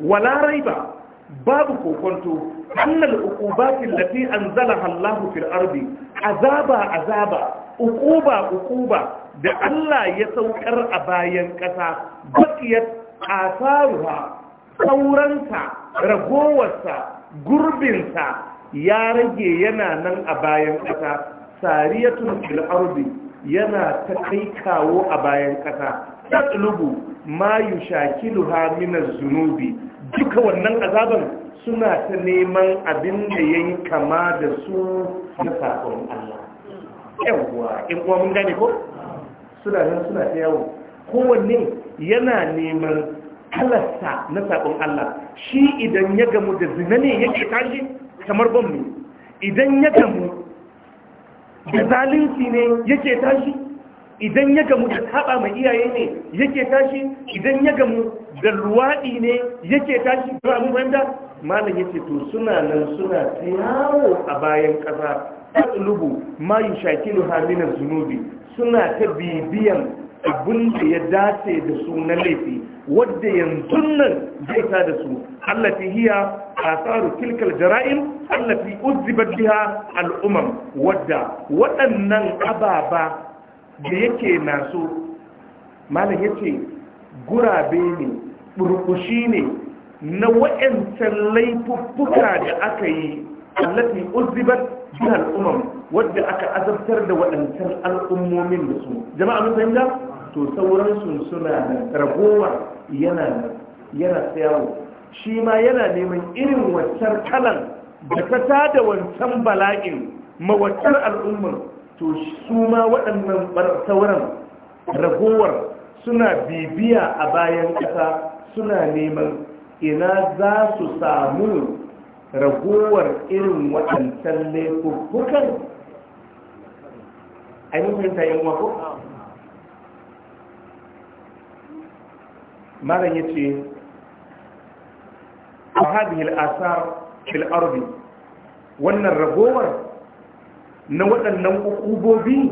wala raiba babu kokonto annal uqubatin lati anzalaha Allah fil ardi azaba azaba uquba uquba da Allah ya saukar a bayan kasa bakiyat asaruha sauranta ragowarsa gurbinsa ya rage yana nan a bayan kasa sariyatun fil ardi yana ta kai kawo a bayan kasa tatlubu ma Shakilu, min az-zunubi duka wannan azaban suna ta neman abin da yayi kama da su na sakon Allah yawwa in kuma mun gane ko suna nan suna ta yawo kowanne yana neman halasta na sakon Allah shi idan ya gamu da zina ne yake tashi kamar bom idan ya gamu da zalunci ne yake tashi idan ya gamu da saba mai iyaye ne yake tashi idan ya gamu da luwaɗi ne yake tashi to abin fahimta malam yace to suna nan suna yawo a bayan ƙasa tatlubu ma yushakilu hamina zunubi suna ta bibiyan abin da ya dace da su na laifi wadda yanzu nan zai ta da su allafi hiya a asaru tilkal jara'im allati uzibar biya al'umam wadda waɗannan ababa da yake naso malam ya gurabe ne burkushi ne na waɗancan laifuffuka da aka yi allafi uzibar bin al'umam wadda aka azabtar da waɗancan al'ummomin da su jama'a mun fahimta to sauransu suna ragowa yana yana tsayawo shi ma yana neman irin wancan kalan da ta tada wancan bala'in ma al'umman al'ummar to su ma waɗannan sauran ragowar suna bibiya a bayan ƙasa suna neman ina za su samu ragowar irin waɗancan laifukan ainihin tayin wako? mara ya ce a haɗin al'asar fil wannan ragowar na waɗannan ukubobi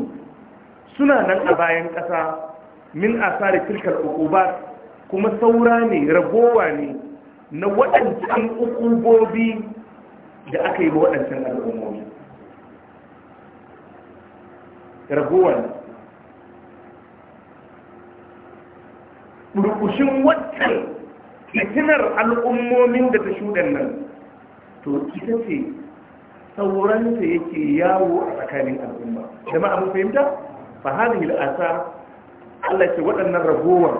suna nan a bayan ƙasa min a tsari tilkar ukubar kuma saura ne ragowa ne na waɗancan ukubobi da aka yi waɗancan al'ummomi ragowa ne burkushin waccan fitinar al'ummomin da ta shuɗan nan to ita ce sauranta yake yawo a tsakanin al'umma jama'a abin fahimta fa hadhihi al'asar Allah ce waɗannan ragowar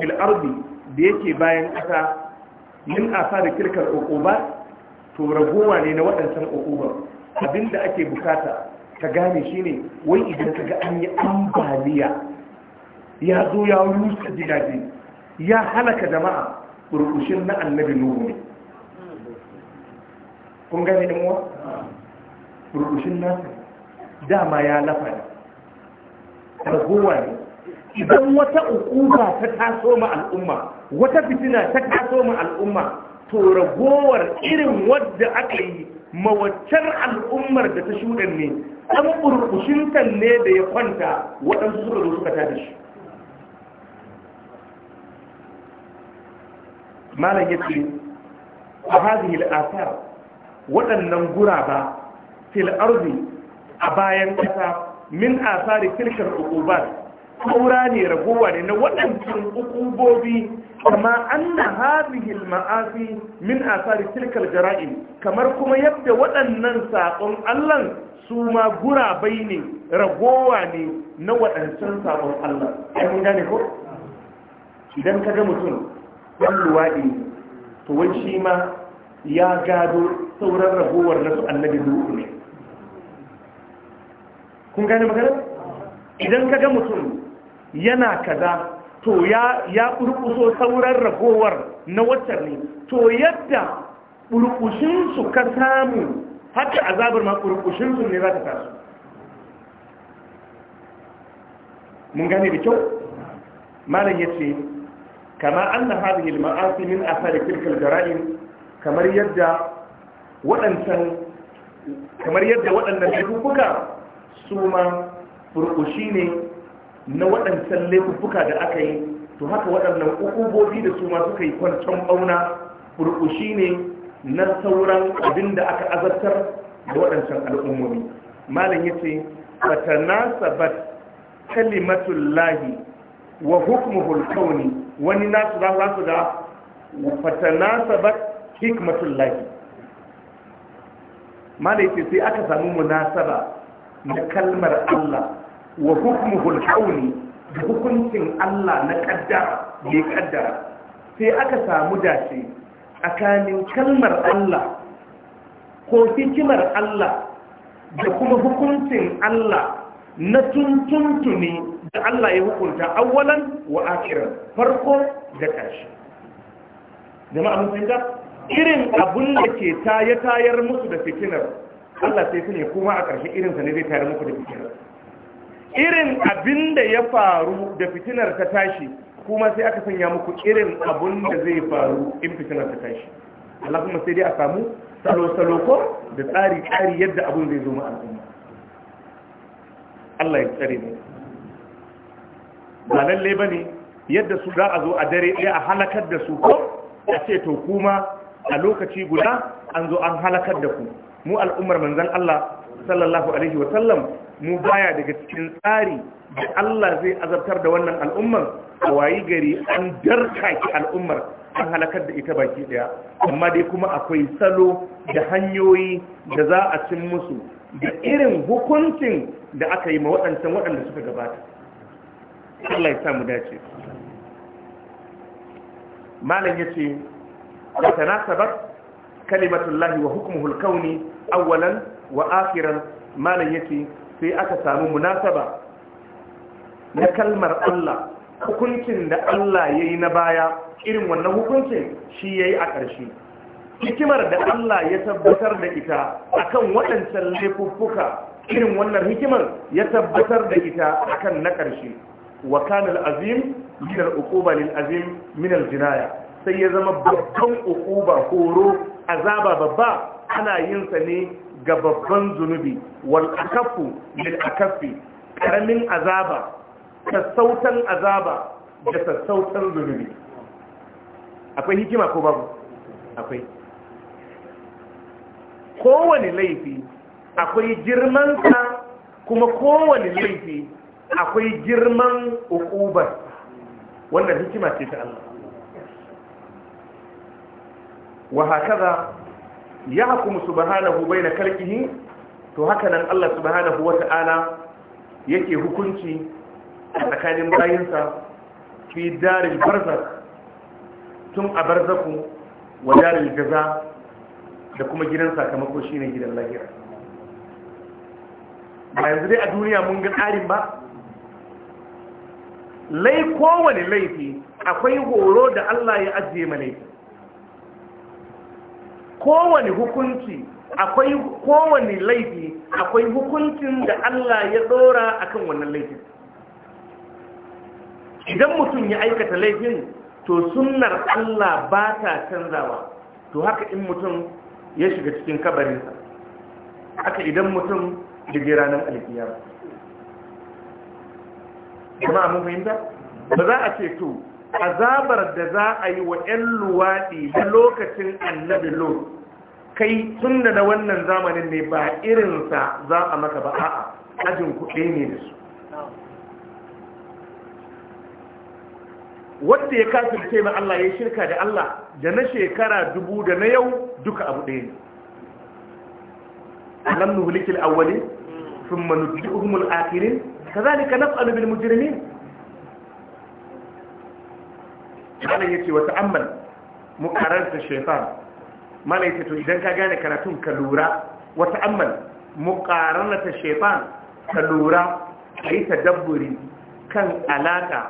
fil ardi da yake bayan kasa, min asar da kirkar uquba to ragowa ne na waɗancan uquba abinda ake bukata ka gane shine wai idan ka ga an yi ambaliya ya zo ya rusa gidaje ya halaka jama'a burkushin na annabi nuhu ne kun gane ɗin wa burbushin nasa dama ya lafa ne ragowa ne idan wata ukuba ta taso ma al'umma wata fitina ta taso ma al'umma to ragowar irin wadda aka yi mawaccar al'ummar da ta shuɗan ne ɗan burbushintan ne da ya kwanta waɗansu suka zo suka tada shi malam ya a hazihi al'asar waɗannan guraba fil arzi a bayan ƙasa min asari tilkar ukubar kura ne ragowa ne na waɗancan ukubobi kama anna hadhihi ma'asi min asari tilkar jara'in kamar kuma yadda waɗannan saƙon Allah su ma gurabai ne ragowa ne na waɗancan saƙon Allah ai gane ko idan ka ga mutum ɗan luwaɗi to wai shi ma ya gado sauran ragowar na su annabi lutu ne kun gane magana idan ka ga mutum yana kaza to ya ƙurƙuso sauran ragowar na waccan ne to yadda ƙurƙushinsu ka samu haka azabar ma ƙurƙushinsu ne za ta tasu mun gane da kyau malam ya ce kama an na haɗe ilma'afi min a fara kirkar kamar yadda waɗancan kamar yadda waɗannan laifuka su ma burkushi ne na waɗancan laifuka da aka yi to haka waɗannan ukubobi da su ma suka yi kwancan ɓauna burkushi ne na sauran abin da aka azartar da waɗancan al'ummomi malam ya ce fatana sabat kalimatullahi wa hukmuhul kauni wani nasu za su ga fatana ba, hikmatullahi malai sai aka samu munasaba na kalmar Allah wa hukmuhul kauni da hukuncin Allah na kaddara ne kaddara sai aka samu dace tsakanin kalmar Allah ko hikimar Allah da kuma hukuncin Allah na tuntuntuni da Allah ya hukunta awwalan wa akhiran farko da ƙarshe jama'a mun fahimta irin abun da ke taye tayar musu da fitinar Allah sai ne kuma a ƙarshe irinsa ne zai tayar muku da fitinar irin abin da ya faru da fitinar ta tashi kuma sai aka sanya muku irin abun da zai faru in fitinar ta tashi Allah kuma sai dai a samu salo-salo ko da tsari-tsari yadda abun zai zo ma al'umma Allah ya tsare ne ba lalle ba ne yadda su za a zo a dare ɗaya a halakar da su ko a ce to kuma a lokaci guda an zo an halakar da ku mu al'ummar manzan Allah sallallahu alaihi wa sallam mu baya daga cikin tsari da Allah zai azabtar da wannan al'ummar a wayi gari an darka ki al'ummar an halakar da ita baki daya amma dai kuma akwai salo da hanyoyi da za a cin musu da irin hukuncin da aka yi ma waɗancan waɗanda suka gabata Allah ya samu dace malam yace wa كلمة الله وحكمه الكوني أولا وآخرا sai aka في munasaba na kalmar Allah. hukuncin da Allah ya yi na baya irin wannan hukuncin shi ya yi a ƙarshe hikimar da Allah ya tabbatar da ita akan waɗancan laifuffuka irin wannan hikimar ya tabbatar da ita akan na ƙarshe wa kanal azim min al-uquba lil azim min jinaya sai ya zama babban ukuba horo azaba babba ana yin sa ne ga babban zunubi wal akafu lil akafi karamin azaba sassautan azaba da sassautan zunubi akwai hikima ko babu akwai kowane laifi akwai girmansa kuma kowane laifi akwai girman ukubar wannan hikima ce ta Allah wa hakaza yahkumu subhanahu bayna khalqihi to haka nan Allah subhanahu wata'ala yake hukunci tsakanin bayinsa fi daril barzakh tun a barzaku wa daril gaza da kuma gidan sakamako gidan lahira ba yanzu dai a duniya mun ga tsarin ba lai kowane laifi akwai horo da Allah ya ajiye mana laifi kowane hukunci akwai kowane laifi akwai hukuncin da Allah ya dora akan wannan laifin idan mutum ya aikata laifin to sunnar Allah ba ta canzawa to haka in mutum ya shiga cikin kabarinsa haka idan mutum jirgin ranar alkiyar jama'a mun fahimta ba za a ce to azabar da za a yi wa 'yan luwaɗi da lokacin annabi lo kai tun da na wannan zamanin ne ba irinsa za a maka ba a'a ajin kuɗi ne da su wanda ya kafirce ma Allah ya shirka da Allah da na shekara dubu da na yau duka abu ɗaya ne alam nuhlikil awwalin thumma nutbi'uhum al-akhirin kadhalika naf'alu bil mujrimin malam yace wa ta'ammal muqarrarta shaytan malam yace to idan ka gane karatun ka lura wa ta'ammal muqarrarta shaytan ka lura kai tadabburi kan alaka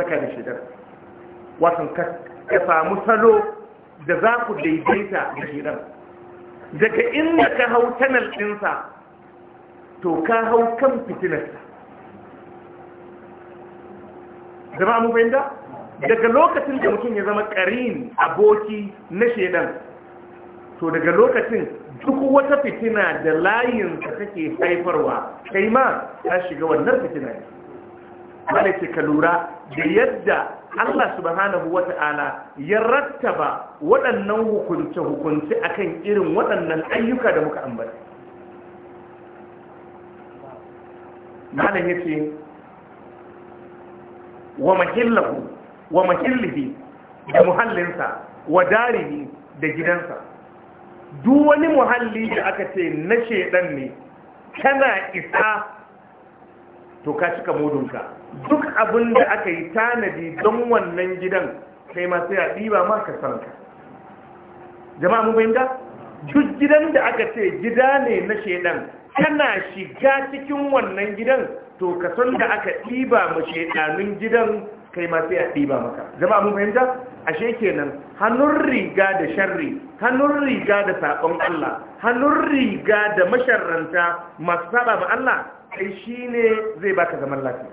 taka da shaytan wasan ka samu salo da za ku daidaita da shaytan daga inda ka hau tanal ɗinsa to ka hau kan fitinarsa zama mu fahimta daga lokacin da mutum ya zama ƙarin aboki na shedan to daga lokacin duk wata fitina da layinsa take haifarwa kai ma ta shiga wannan fitina ne mana ka lura da yadda Allah subhanahu wata'ala ya rattaba waɗannan hukunce-hukunce akan irin waɗannan ayyuka da muka ambata malam ya ce wa mahillahu wa mahillihi da muhallinsa wa darihi da gidansa duk wani muhalli da aka ce na shedan ne kana isa to ka cika mudunka duk abin da aka yi tanadi don wannan gidan sai ma sai a ɗiba ma ka san ka, jama'a mu bayyana duk gidan da aka ce gida ne na shedan kana shiga cikin wannan gidan to ka san da aka ɗiba ma shedanun gidan kai ma sai a ɗiba maka zama mun fahimta ashe kenan hannun riga da sharri hannun riga da saƙon Allah hannun riga da masharranta masu saba ma Allah kai shi ne zai baka zaman lafiya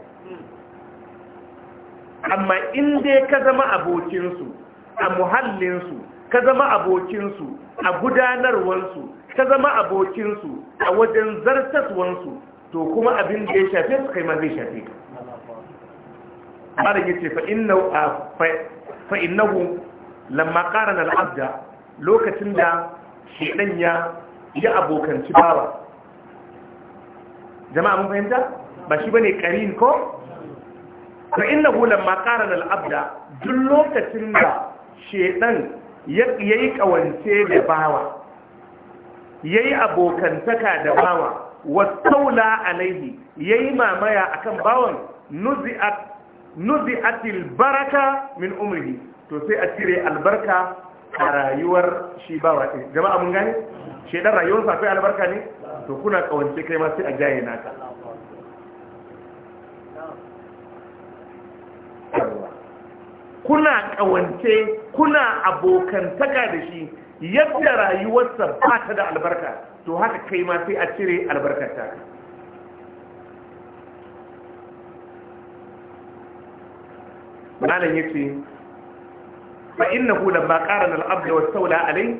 amma in dai ka zama abokinsu a muhallinsu ka zama abokinsu a gudanarwarsu ka zama abokinsu a wajen zartaswansu to kuma abin da ya shafe su kai ma zai shafe ka malam ya ce ah, innahu lamma ƙara na abda lokacin da shedan ya yi abokanci bawa jama'a mun fahimta ba shi ne ƙarin ko fa lamma ƙara na abda duk lokacin da ya yi ƙawance da bawa ya yi abokantaka da bawa wasaula alaihi yi mamaya akan bawan nuzi'at Nuzi nuzi'atil baraka min umri. to sai a cire albarka a rayuwar shi bawa ɗin jama'a mun gane shedan rayuwarsa akwai albarka ne to kuna kawance kai ma sai a jaye naka kuna kawance kuna abokantaka da shi yadda rayuwarsa ba ta da albarka to haka kai ma sai a cire albarkar taka malam ya yace fa inna lamma qarana al-abd wa sawla alai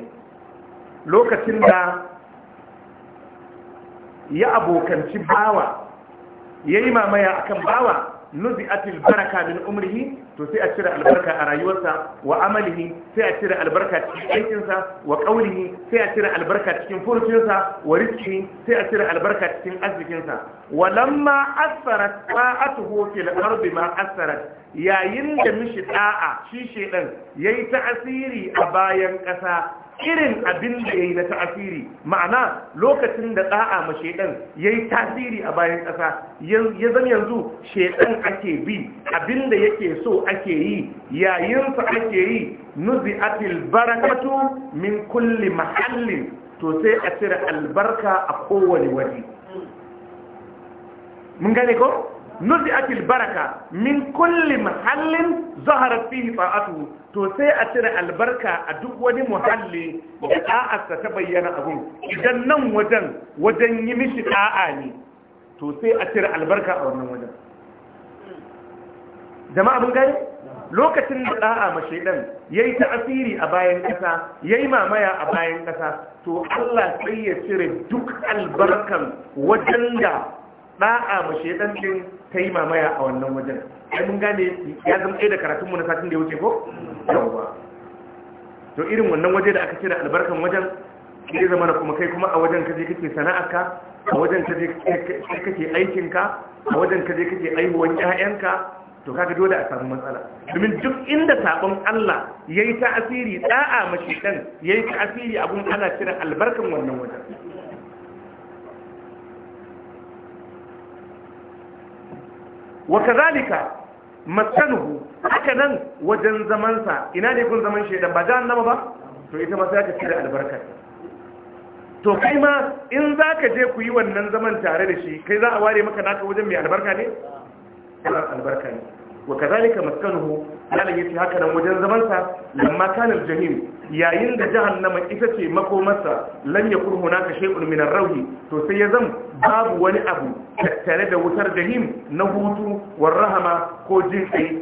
lokacin da ya abokanci bawa yayi mamaya akan bawa atil baraka min umrihi to sai a cire albarka a rayuwarsa wa amalihi sai a cire albarka cikin aikinsa wa qaulihi sai a cire albarka cikin furucinsa wa rizqihi sai a cire albarka cikin arzikinsa wa lamma asarat ta'atuhu fil ardi ma asarat yayin da mishi da'a shi shedan yayi ta'asiri a bayan kasa irin abin da ya yi na ta'asiri ma'ana lokacin da ɗa'a ma shaidan ya yi tasiri a bayan ƙasa ya zama yanzu shaiɗan ake bi abin da yake so ake yi yayinsa ake yi nuzi atil barakatu min kulli mahallin to sai a cire albarka a kowane waje mun gane ko nuzi'at albaraka min kulli mahallin zaharat fihi ta'atu to sai a cire albarka a duk wani muhalli da da'arsa ta bayyana abu. idan nan wajen wajen yi mishi da'a ne to sai a cire albarka a wannan wajen jama'a mun gani lokacin da ɗan, ya yayi ta'asiri a bayan ya yayi mamaya a bayan ƙasa. to Allah sai ya cire duk albarkan wajen da da'a ma shedan din ta yi mamaya a wannan wajen ai mun gane ya zama ɗaya da karatunmu na satin da ya wuce ko yawwa to irin wannan waje da aka ce da albarkan wajen ke zama na kuma kai kuma a wajen kaje kake sana'arka a wajen kaje kake aikinka a wajen kaje kake aihuwan ƴaƴanka to kaga dole a samu matsala domin duk inda sabon Allah yayi ta'asiri da'a ma shedan yayi ta'asiri abun ana cire albarkan wannan wajen wa kazalika maskanuhu haka nan wajen zamansa ina ne kun zaman shaidan ba jahannama ba to ita ma sai cire albarkar to kai ma in za ka je ku yi wannan zaman tare da shi kai za a ware maka naka wajen mai albarka ne? albarka ne wa kazalika maskanuhu lalai yace haka nan wajen zamansa lamma kana aljahim yayin da jahannama ita ce makomarsa lan ya kurhu na ka shekul minar rauhi to sai ya zam babu wani abu tattare da wutar da him na hutu war rahama ko jin kai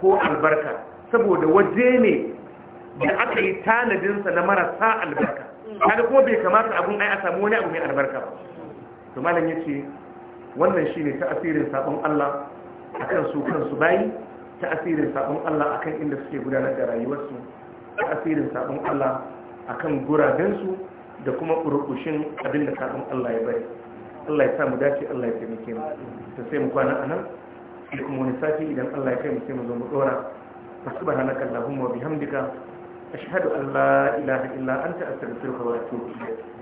ko albarka saboda waje ne da aka yi tanadin na marasa albarka kada kuma bai kamata abun ai a samu wani abu mai albarka ba to malam ce wannan shine ta'asirin sabon Allah akan su kansu bayi ta'asirin sabon Allah akan inda suke gudanar da rayuwarsu asirin sabon Allah akan gurabensu da kuma ƙurƙushin abin da sabon Allah ya bari Allah ya sa mu dace Allah ya taimake mu to sai mu kwana anan sai kuma wani sati idan Allah ya kai mu sai mu zo mu dora subhanaka allahumma wa bihamdika ashhadu an la ilaha illa anta astaghfiruka wa atubu ilayk